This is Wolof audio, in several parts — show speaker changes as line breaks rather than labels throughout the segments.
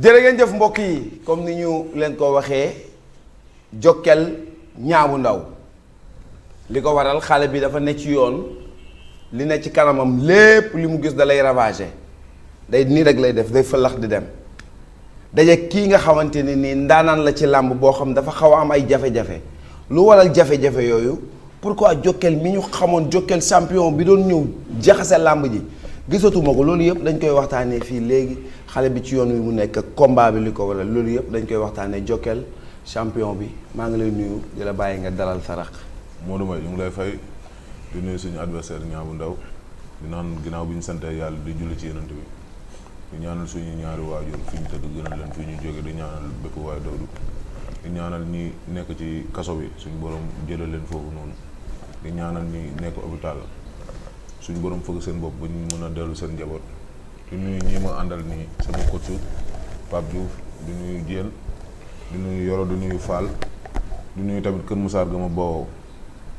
jërë ngeen jëf mbokk yi comme ni ñu leen ko waxee Jokkel ñaabu ndaw li ko waral xale bi dafa nekk ci yoon li ne ci kanamam lépp li mu gis da lay ravager day nii rek lay def day fëlax di dem daje kii nga xamante ne nii ndaanaan la ci làmb boo xam dafa xaw a am ay jafe-jafe lu waral jafe-jafe yooyu pourquoi Jokkel mi ñu xamoon Jokkel champion bi doon ñëw jaxase làmb ji gisatuma ko loolu yëpp dañ koy waxtaanee fii léegi. xale bi ci yoon wi mu nekk combat bi li ko wala loolu yëpp dañ koy waxtaanee jokkeel champion bi maa ngi lay nuyu di la bàyyi nga dalal sa rax. Modou Mbaye ñu lay fay di nuyu suñu adversaire ñaabu ndaw
di naan ginnaaw bi ñu sante yàlla di julli ci yenant bi di ñaanal suñuy ñaari waajur fi ñu gënal leen fi ñu jóge di ñaanal bépp waay dawdu di ñaanal ñi nekk ci kaso bi suñu boroom jëlal leen foofu noonu di ñaanal ñi nekk hôpital suñu borom fëgg seen bopp ba ñu mën a dellu seen njaboot. di nuyu ñi ma àndal nii sama coach Pape Diouf di nuyu Diène di nuyu Yoro du nuyu Fall di nuyu tamit Kër musaar ga ma boowoo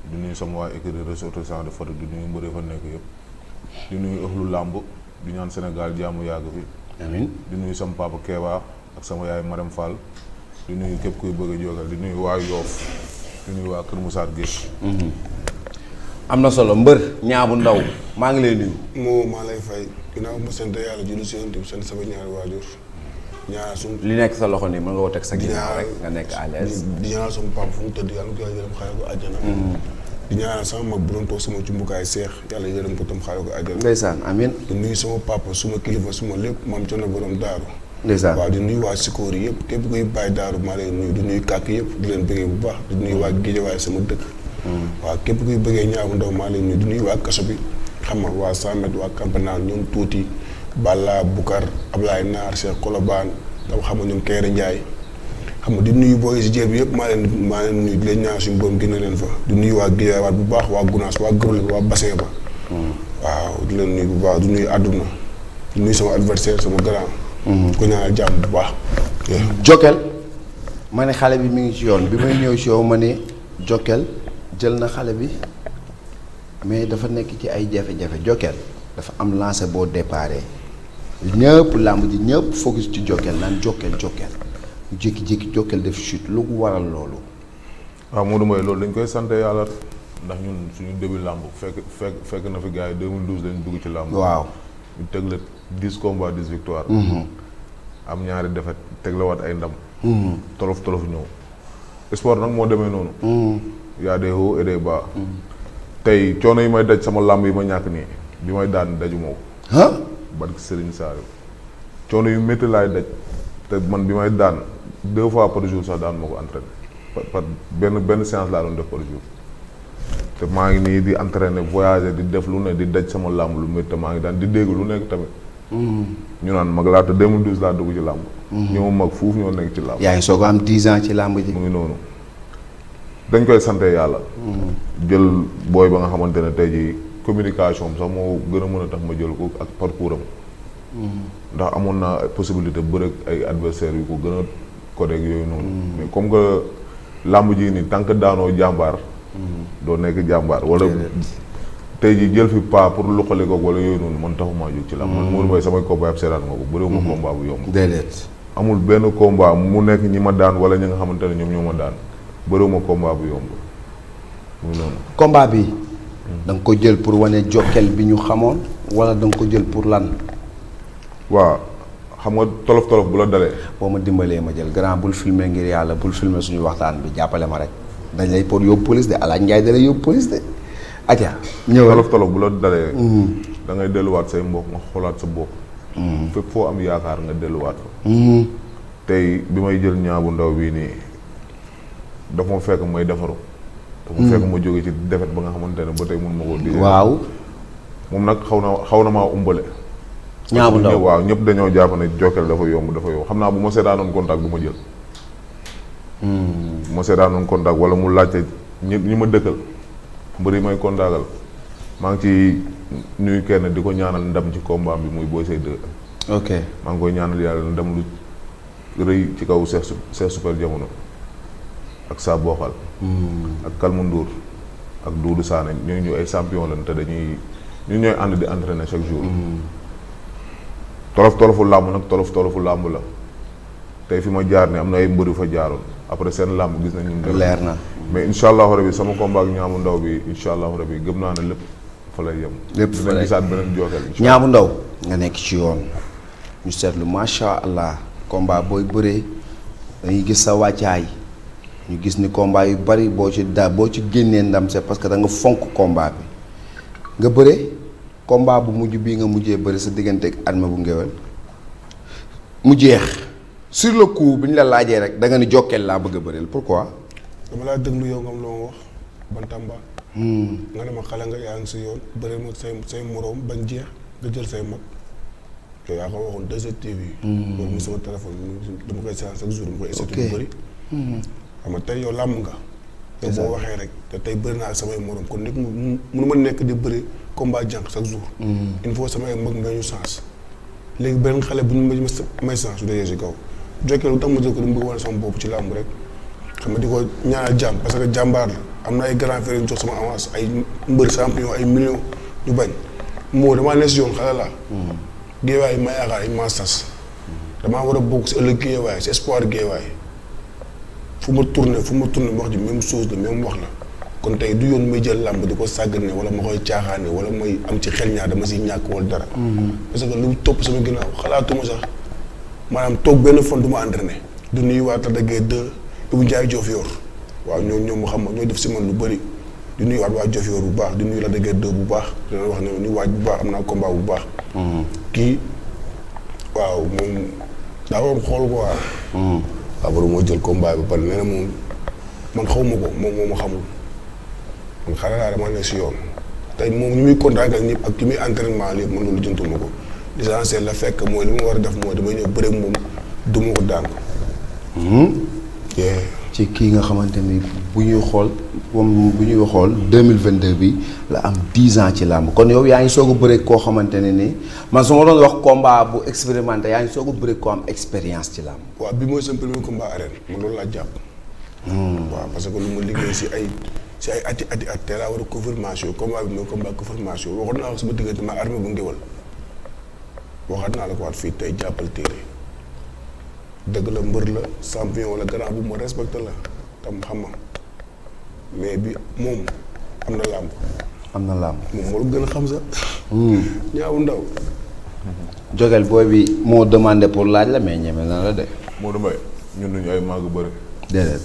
di nuyu sama waa écurie ressortissant de foto di nuyu mbër fa nekk yëpp di nuyu ëxlu làmb di ñaan Sénégal jaamu yàgg fi. amiin di nuyu sama papa Keba ak sama yaay Marème Fall di nuyu képp kuy bëgg a jógal di nuyu waa Yoof
di nuyu waa Kër Moussa Guèye. Mhm. am na solo mbër ñaabu ndaw. maa ngi leen nuyu.
moo maa lay fay ginnaaw ma sant yàlla julli seen yonent seen sant sama ñaari waajur ñaanal suñu li nekk
sa loxo nii mën nga teg sa ginnaaw rek nga nekk à l'aise
di ñaanal sama papa fu mu tëdd yàlla ko yàlla yërëm xaare ko àjjana mm-hmm. di ñaanal sama mag bu doon toog sama cumbukaay seex yàlla yërëm ko tam xaare ko àjjana ndeysaan amiin di nuyu sama papa suma kilifa suma lépp maam coono borom daaru ndeysaan waa di nuyu waa Sikóor yi yëpp képp kuy bàyyi daaru maa lay nuyu di nuyu kàkk yëpp di leen bëggee bu baax di nuyu waa Géejawaay sama dëkk mm. waaw képp kuy bëggee ñaaw ndaw maa lay nuyu di nuyu waa kaso bi xam nga waa Samed waa Campana ñoom tuuti Balla Bukar Ablaye Naar Cheikh Colobane dama xam nga ñoom Kéré Ndiaye xam nga di nuyu booy si jéer bi yëpp maa leen maa leen nuyu di leen ñaan di nuyu waa bu baax waa Gunaas waa waa Bassin ba. waaw di leen nuyu bu baax di nuyu àdduna di nuyu sama adversaire sama grand. ko mhm. ñaanal jàmm
bu baax. Jokal ma ne xale bi mi ngi ci yoon bi may ñëw ci yow ma ne Jokal jël na xale bi. mais dafa nekk ci ay jafe-jafe Jokal dafa am lancé boo déparé ñëpp làmb ji ñëpp focus ci Jokal naan Jokal Jokal mu jékki-jékki Jokal def chute lu ko waral loolu. waaw Modou
Mbaye loolu dañ koy sant yàlla ndax ñun suñu début làmb fekk fekk fekk na fi gars yi 2012 lañ dugg ci làmb. waaw ñu teg la 10 combats 10 victoires. Mm-hmm. am ñaari defet teg la waat ay ndam. Mm-hmm. tolof tolof ñëw. sport nag moo demee noonu. Mm-hmm. y a des hauts et tey coono yi may daj sama làmb yi ma ñàkk nii bi may daan daju ma ko. barke Serigne Saliou coono yu métti laay daj te man bi may daan deux fois par jour sax daan ma ko entraîné par par benn benn séance laa doon def par jour. te maa ngi nii di entraîné voyager di def lu ne di daj sama làmb lu métti maa ngi daan di dégg lu nekk tamit. Hmm. ñu naan mag laa te 2012 laa dugg ci làmb. Hmm. ñoo mag fuuf ñoo nekk ci làmb. yaa ngi soog a am 10 ans ci làmb ji. mu ngi noonu. dañ koy sante yàlla. jël booy ba nga xamante ne tey jii communication am sax moo gën a mën a tax ma jël ko ak parcours
am.
ndax amoon naa possibilité bëreeg ay adversaires yu ko gën a kodeeg yooyu noonu. Mm. mais comme que làmb ji nii tant que jàmbaar. Mm. doo nekk jàmbaar wala. tey jii jël fi pour luqali ko wala yooyu noonu man taxumaa jóg ci làmb. man mm. Modou Mbaye samay combat ab seeraan nga ko. bëriwuma mm-hmm. combat bu yomb. déedéet amul benn combat mu nekk ñi ma daan wala ñi nga xamante ne ñoom ñoo ma daan. bëriwuma combat bu yomb
muy bi danga ko jël pour wane Jokal bi ñu xamoon wala danga ko jël pour lan. waaw xam nga tolof tolof bu la dalee. boo ma dimbalee ma jël grand bul filmer ngir yàlla bul filmer suñu waxtaan bi jàppale ma rek dañ lay pour yóbbu police de alaaj Njaay da lay ñëw tolof tolof mm-hmm.
da ngay delluwaat say mbokk nga xoolaat sa bopp. Mm-hmm. fépp foo am yaakaar nga delluwaat ko. Mm-hmm. tey bi may jël ñaabu ndaw bii nii. daf ma fekk mooy defaru dafa hmm. fekk ma jóge ci defet ba nga xamante ne ba tey mun ma koo di waaw moom nag xaw na xaw na maa umbale ñaabu ndaw waaw ñëpp dañoo jàpp ne jokkeel dafa yomb dafa yomb xam naa bu ma seetaanoon contact du ma jël hmm. ma seetaanoon contact wala mu laajte ñi ñi ma dëkkal mbër yi may contactal maa ngi ci nuyu kenn di ko ñaanal ndam ci combat bi muy Boy Seye 2 maa ngi koy ñaanal yàlla ndam lu rëy ci kaw Cheikh Super Jamono ak saa booxal hmm. ak Kalmu Ndour ak Doudou Sané ñu ay champion lañ te dañuy ñu ñooy ànd di entraîner chaque jour. Hmm. tolof tolofu làmb nag tolof tolofu làmb la tey fi ma jaar ni am na ay mbëri fa jaaroon après seen làmb gis nañ ñu. leer na mais incha allahu rabi sama combat ak ñaamu ndaw bi incha allahu rabi gëm naa ne lépp fa lay yem. lépp fa lay gisaat beneen jooteel. ñaamu
ndaw nga nekk ci yoon ñu seetlu macha allah combat booy bëree dañuy gis sa wàccaay. ñu gis ni kombaa yu bari boo ci da boo ci génnee ndam c'est parce que da nga fonk combat bi nga bëre combat bu mujj bii nga mujjee bëri sa diggante ak Armé bu Ngéwél mu jeex sur le ku bi ñu la laajee rek da nga ni jokkeel laa bëgg a bëreel koi
dama laa déglu yow nga loo wax Bantamba. Hmm. nga ne ma xale nga yaa ngi si yoon bëri ma say say moroom bañ jeex nga jël say mag yow yaa ko waxoon 2STV. Hmm. loolu mooy sama téléphone dama koy séance chaque xam nga tey yow làmb nga. yow boo waxee rek te tey bëri naa samay morom kon nit mu mënuma nekk di bëri combat jànq chaque jour. Mm-hmm. il faut samay mag may ñu chance. léegi beneen xale bu ñu may chance su dee si kaw jokkee lu tax ma jël ko dama bëgg wane sama bopp ci làmb rek xam nga di ko ñaanal jàmm parce que jàmbaar la am na ay grand frère sama avance ay mbër champion ay millions ñu bañ moo damaa ne si yoon xale la. Mm-hmm. géewaay ma yaakaar ay masters mm-hmm. damaa war a bokk si ëllëg géewaay si espoir géewaay. fu ma tourné fu ma tourné wax ji même chose la même wax na kon tey du yoon muy jël làmb di ko sàggane wala ma koy caaxaane wala may am ci xel ñaar dama si ñàkk wala dara. Mm-hmm. parce que lu topp sama ginnaaw xalaatuma sax maanaam toog benn fan du ma entraîné. du nuyuwaat Talla Gueye 2 Ibou Ndiaye Diofior waaw ñoo ñoom mu xam ñooy def si man lu bëri di nuyuwaat waa Diofior bu baax di nuyu la Gueye 2 bu baax di leen wax ne ni waaj bu baax am naa combat bu baax. Mm-hmm. kii waaw moom daa waroon xool ko waaw. Mm-hmm. Papa Sow moo jël combat ba pare nee na moom man xaw ma ko moom moo xamul man xale laa dama ne si yoon tey moom ñu muy contact ak ñëpp ak ki muy entraînement lii man lu jëntu ma ko l'essentiel la fekk mooy li ma war a def mooy damay ñëw bëre moom du ma ko daan
hmm? ci kii nga xamante ni bu ñuy xool moom bu ñuy xool deux mille vingt deux bi la am dix ans ci làmb kon yow yaa ngi soog a bëre koo xamante ne ni man su ma doon wax combat bu expérimenté soog a koo am expérience ci làmb.
waaw bi mooy seen premier combat arène man loolu laa jàpp. Hmm. waaw parce que lu ma liggéey si ay si ay ati ati at teel laa war a confirmation combat bi mooy combat confirmation waxoon naa ko sama diggante ma armée bu waxaat naa la ko waat fii tey jàppal téere dëgg la mbër la champion wala grand bu ma respecté la tam xam ma mais bi moom am na làmb.
am na làmb moom moo gën a xam sa. Hmm. ñaaw ndaw. jogal booy bi moo demandé pour laaj la mais ñeme na la de. Modou Mbaye ñun duñu ay màgg bëri. déedéet.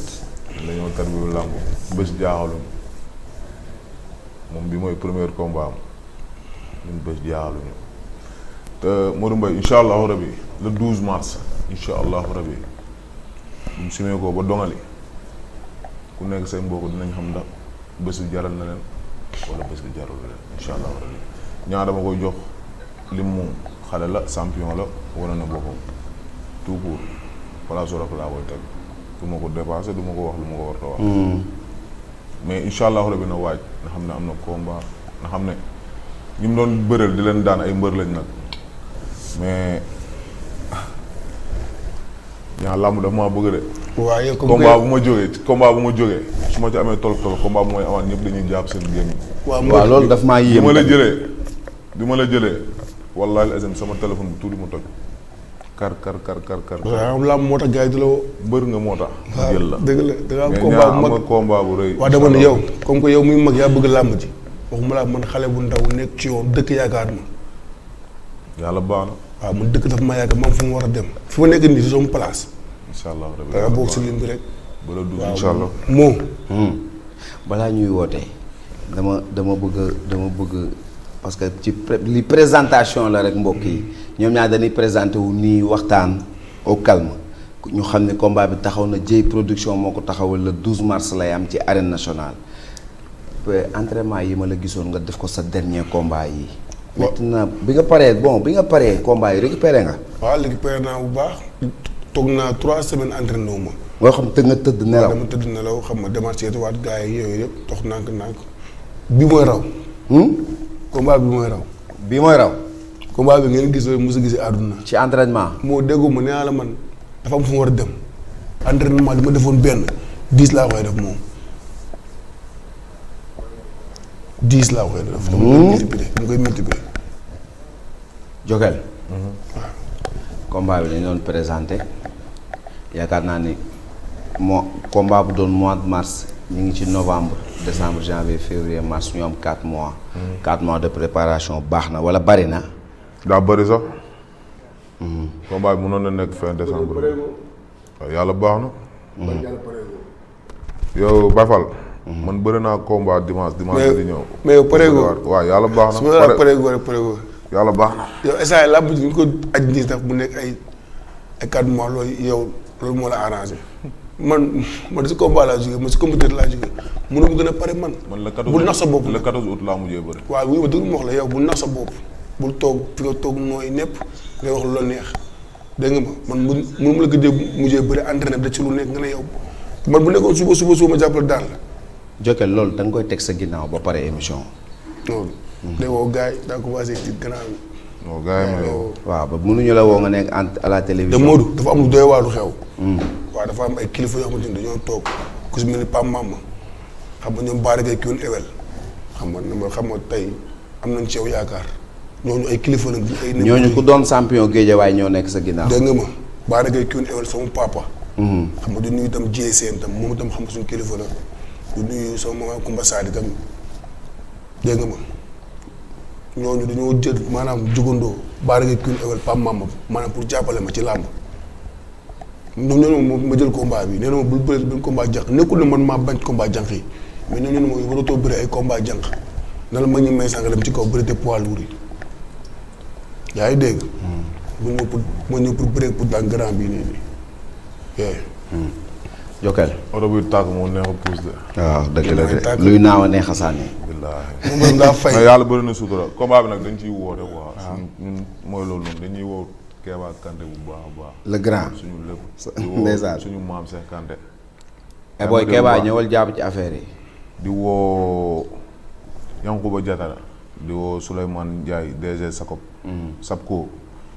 dañoo tarbiwu làmb bés
jaaxaluñ moom bi mooy premier combat am ñun bés jaaxaluñu te Modou Mbaye incha allahu rabi le 12 mars. incha allahu rabi bu simee ko ba dongali ku nekk seen mbokk dinañ xam ndax bés bi jaral na leen wala bés bi jaral na leen incha allahu rabi ñaar dama koy jox lim mu xale la champion la wane na boppam tout court place su rafet laa koy teg du ma ko dépassé du ko wax lu ma ko war wax. Hmm. mais incha allahu rabi na waaj na xam ne am na combat na xam ne ñi doon bëreel di leen daan ay mbër lañ nag mais. ñaa làmb daf maa bëgg de. waaye comme combat bu ma jógee combat bu ma jógee su ma ci amee tol tol combat bu may amaat ñëpp dañuy jàpp seen génn. waaw loolu daf maa yéem. bi ma la jëlee bi ma la jëlee wallaahi azim sama téléphone bu tuuti mu toj. kar kar kar kar kar.
moo tax gars yi di la woo. nga moo tax. jël la dëgg la da nga am combat bu mag mais combat bu rëy. waaw dama ne yow comme que yow muy mag yaa bëgg làmb ji waxuma laa man xale bu ndaw nekk ci yoon dëkk yaakaar na
yàlla baax na. waaw man dëkk
dafa ma yàgg ma am fu mu war a dem. foo ma nekk nii si sama
place. incha allah da nga bokk si lim bi rek. bala dugg incha allah moo. Hmm. balaa ñuy woote dama dama bëgg dama bëgg parce que ci li présentation la rek mbokk yi ñoom ñaar dañuy présenté wu nii waxtaan au calme ñu xam ne combat bi taxaw na Dieye production moo ko taxawal le mars lay am ci arène nationale entraînement yi ma la gisoon nga def ko sa dernier combat yi. métti naa bi nga paree bon bi nga paree combat yi récupéré nga.
waaw récupéré naa bu baax. toog naa trois semaine entraîné wu ma.
nga xam te nga tëdd nelaw dama
tëdd nelaw xam nga démarché waat gars yooyu yëpp dox nànk nànk bi mooy raw. Hmm? combat bi mooy raw. bi mooy raw. combat bi ngeen gis loolu mos a gis àdduna. ci entraînement. moo déggu ma nee naa la man dafa am fu mu war a dem. entraînement li ma defoon benn dix laa koy def moom. dix la koy def. dama koy koy multiplier.
Jokal. Mhm. combat bi dañu doon présenté yaakaar naa ni moo combat bu doon mois de mars ñu ngi ci novembre décembre janvier février mars ñu am quatre mois. Mhm. quatre mois de préparation baax na wala bari na. daa bari sax. Mhm. combat bi mënoon na nekk fin décembre.
yàlla baax na. yow Bafal. man bëri naa combat dimanche dimanche di ñëw. mais yow pareegoo waaw yàlla baax na. ma la pareegoo rek pareegoo. yàlla baax
yow sa yii làmb ko aj nii sax bu nekk ay ay yow loolu moo la arrangé man man si combat laa jógee man si compétiteur laa jógee mënoo ma gën a pare man. man le 14 bu nax sa bopp le
14 août laa mujjee bëri. waaw wuyu ma dëgg
ma wax la yaw bu nax sa bopp bu toog fi nga toog nooy népp ngay wax lu la neex dégg nga ma man mun mënu la gëj a mujjee bëri entraîné de ci lu nekk nga ne yow man bu nekkoon suba suba suba ma jàppale daan daal
Jokal loolu da koy teg sa ginnaaw ba pare émission. loolu. de hmm.
woo gars yi daa commencé la
woo. waaw ba mënuñu la woo dafa am lu doy waar hmm.
dafa am ay kilifa yoo xamante ni dañoo toog ku si mel ni xam nga ñoom Baara Gueye Kiwul xam nga ne xam nga tey am nañ ci yow yaakaar ñooñu ay kilifa lañ. ay nemmee ñooñu ku
doon champion Guédiawaye ñoo nekk sa ginnaaw. dégg nga ma
Baara Gueye Kiwul hmm. xam nga du nuyu itam GCM itam moom itam xam nga suñu kilifa la. di nuyu ma Kumba Saadi tam dégg nga ma ñooñu dañoo jël maanaam jugandoo baaree nga kii ewel pam maam maanaam pour jàppale ma ci làmb ñoom ñoo ne ma jël combat bi nee na ma bul bëri benn combat jànq nekkul ne man maa bañ combat jànq yi mais ñooñu ne ma ay combat jànq na la ma ñu may sànq dem ci kaw bëri te poids lourd yi yaa ngi dégg. mu hmm. ñëw pour mu ñëw pour bëri pour daan grand bii nii
nii. Hmm. Jokal. oto buy tàkk moo neex a de. waaw ah, dëgg la de luy naaw a neex a sànni. wallaahi moom daa fay. yàlla bëri na sutura combat nag dañ ciy woote quoi. Ah. mooy loolu noonu dañuy woo Kéba Kanté bu baax a baax. le grand suñu lépp. ndeysaan suñu maam Cheikh Kanté. et eh booy ñëwal
jàpp ci affaire yi.
di woo Yankuba Diatara. di woo Souleymane Ndiaye DG Sakop. Mm. Sapko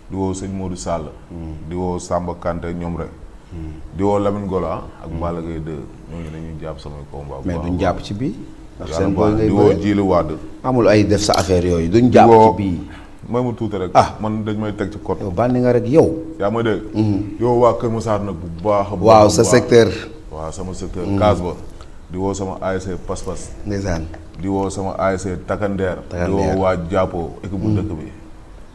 di woo sëñ Modou Sall. Mm. di woo Samba Kanté ñoom rek. Hmm. diwoo lamin Lamine Gola ak hmm. Balla Gaye ñoo ñooñu dañuy jàpp samay combat mais duñ jàpp
ci bii. ndax seen boy ngay woo Djili Wade. amul ay def sa affaire yooyu duñ jàpp ci bii.
mooy mu tuuti rek. ah man dañ may teg ci côté. yow bànni nga rek yow. yaa yow hmm. waa Kër Massar nag bu baax a. waaw sa secteur. waaw sama secteur. kaas ba di woo sama ASC pas-pas. ndeysaan. di woo sama ASC Takandeer. di woo waa jàppoo équipe bu dëkk bi.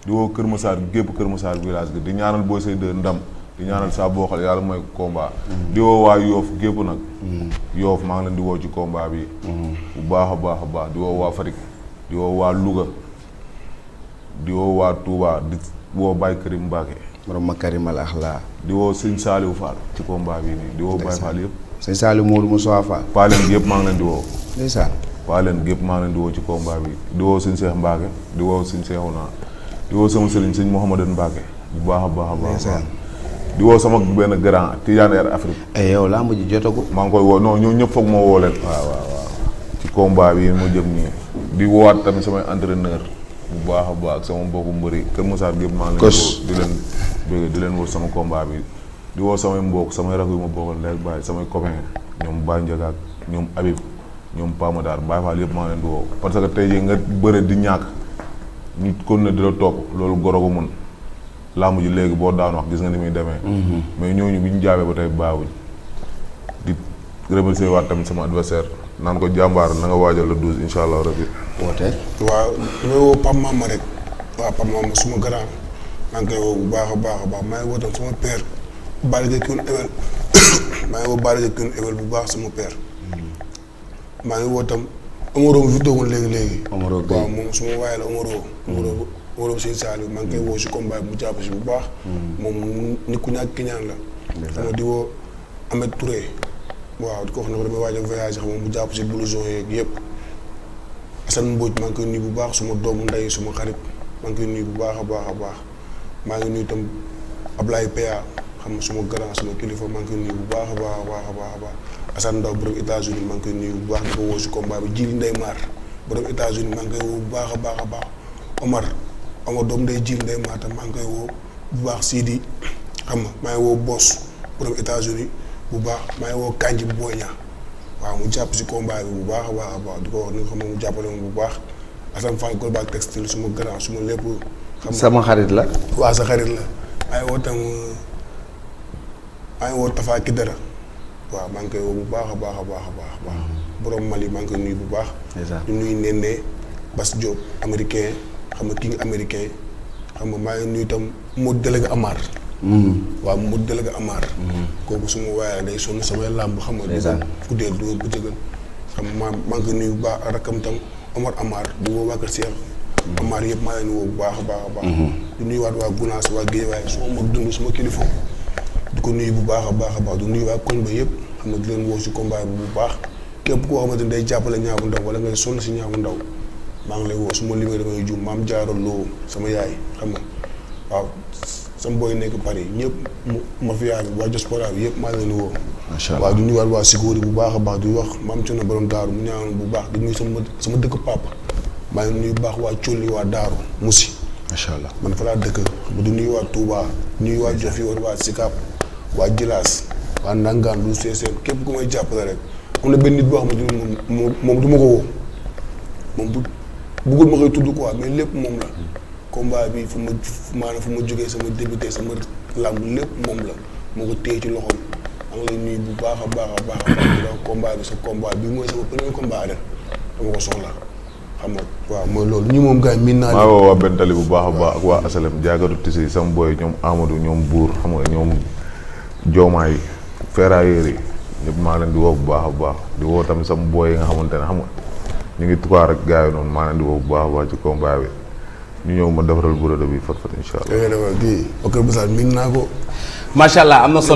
di woo Kër Massar gépp Kër Massar village bi di ñaanal booy say de ndam. di ñaanal saa boo xale yàlla mooy combat. di woo waa yoof gépp nag. yoof maa ngi leen di ci combat bi. bu baax a baax a baax di woo waa Fatick. di waa Louga. di waa Touba di woo Baye Karim Mbacke. borom Makarim al di woo sëñ Saliou Fall ci combat bi di woo Baye yëpp. sëñ Saliou Modou Moussa Fall. maa ngi leen di woo. ndeysaan. Paaleen gépp maa ngi leen di ci combat bi di woo sëñ Cheikh Mbacke di woo sëñ Cheikhouna di woo sama sëriñ sëñ Mouhamadou Mbacke bu baax a baax a baax. di woo sama benn grand Tidiane Air Afrique. et eh, yow laa mujj jotagu. maa ngi koy woo non ñoom ñëpp foog ma woo leen. waaw waaw waaw ci combat bi mu jëm nii. di wowaat tamit samay entraîneur bu baax a baax ak sama mbokku mbëri Kër Moussa gépp di leen di leen woo sama combat bi. di woo samay mbokk samay rakk yu ma bokkal ndey ak baay samay copain ñoom Ba Ndiaga ak ñoom Habib ñoom Pama Dar Baye Fall yëpp maa leen di woo parce que tey jii nga bëre di ñàkk nit kon ne di la toog loolu goro ko mun. làmb ji léegi boo daan gis nga ni muy demee. Mhm. mais ñooñu bi ñu jaabee ba tey baawuñ di remercier waat tamit sama adversaire naan ko jàmbaar na nga waajal le douze incha allah rabi. woote.
waaw damay woo Pape Mama suma grand maa ngi koy woo bu baax a baax a baax maa ngi woo tam suma père Balla Gaye maa ngi woo Balla Gaye Kune bu baax suma père mhm. maa ngi woo tam Omaro mu léegi léegi.
Omaro Gueye waaw moom
suma waay la Omaro. wóoroon sëñ Saliou maa koy woo si combat bi mu jàpp si bu baax. moom nit ku ñàkk la. dëgg la di woo Ahmed Touré. waaw di ko wax ne ko damay waaj a voyage xam mu jàpp si blouson yeeg yëpp. Assane Mbodj maa koy nuyu bu baax suma doomu ndey suma xarit maa koy nuyu bu baax a baax a baax maa ngi nuyu tam Ablaye xam nga suma grand kilifa maa ngi bu baax a baax a baax a baax a baax Assane Ndaw koy nuyu bu baax di ko woo si combat bi Jili Ndeymar borom États-Unis maa ngi koy woo bu baax a baax a baax Omar. ama doom day jiil day maata maa ngi koy woo bu baax Sidi xam nga maa woo Boss borom États-Unis bu baax maa ngi woo Kanji bu Boy Niang waaw mu jàpp si combat bi bu baax a baax a baax di ko wax bu baax Assane Fall Colbert Textile suma grand suma lépp. xam sama xarit la. waaw sa xarit la maa ngi woo waaw maa koy woo bu baax a baax a baax a baax mm-hmm. borom Mali maa bu baax. di nuyu Nene Bas xam nga king américain xam nga maa ngi nuyu mu Modou délégué Amar. Hmm. waaw Modou délégué Amar. Hmm. kooku suma waaye day sonn samay làmb xam nga. dèjà guddee du bu jëgal xam nga maa ngi nuyu bu baax rakkam tam Omar Amar bu ma wàkkal si Amar yëpp maa ngi bu baax a baax a baax. Hmm. du nuyuwaat waa Gunaas waa Guédiawaye kilifa. di nuyu bu baax a baax a baax du nuyu waa koñ ba yëpp xam nga di leen woo si combat bu baax képp koo xamante ni day jàppale Niang bu Ndaw wala ngay sonn si Niang bu Ndaw. maa ngi lay woo su ma limee damay juum maam jaaro loo sama yaay xam na waaw sama booy nekk yi ñëpp mafia bi waa diaspora bi yëpp maa ngi leen di woo. macha allah waaw ñu war waa Sikori bu baax a baax di wax maam Thierno borom daaru mu ñaanoon bu baax di nuyu sama sama dëkk Pape maa ngi nuyu baax waa Colli waa daaru Moussi. macha allah man fa laa dëkk du nuyu waa Touba nuyu waa Diofior waa Sicap waa Djilas waa Nangaan lu seeseen képp ku may jàppale rek am na benn nit boo xamante moom moom du ma ko woo moom bu. bëggul ma koy tudd quoi mais lépp moom la. combat bi fu ma maanaam fu ma jógee sama débuté sama làmb lépp moom la moo ko téye ci loxoom maa baax a baax a baax a baax donc combat bi bi mooy sama premier combat ren xam nga waaw mooy loolu ñu moom gars yi miin naa. maa woo waa Bentali bu baax a baax
ak waa Asalem jaagatu tisi sama boy ñoom Amadou ñoom Buur xam nga ñoom Joomaa yi ferrailleurs yi ñëpp maa leen di woo bu baax a baax di woo tamit sama boy yi nga xamante ne xam nga. ñu ngi tukaar ak gars yi noonu di woo bu baax a baax ci bi ñu ñëw ma defaral bureau bi fat fat incha allah.
Eh, ok ok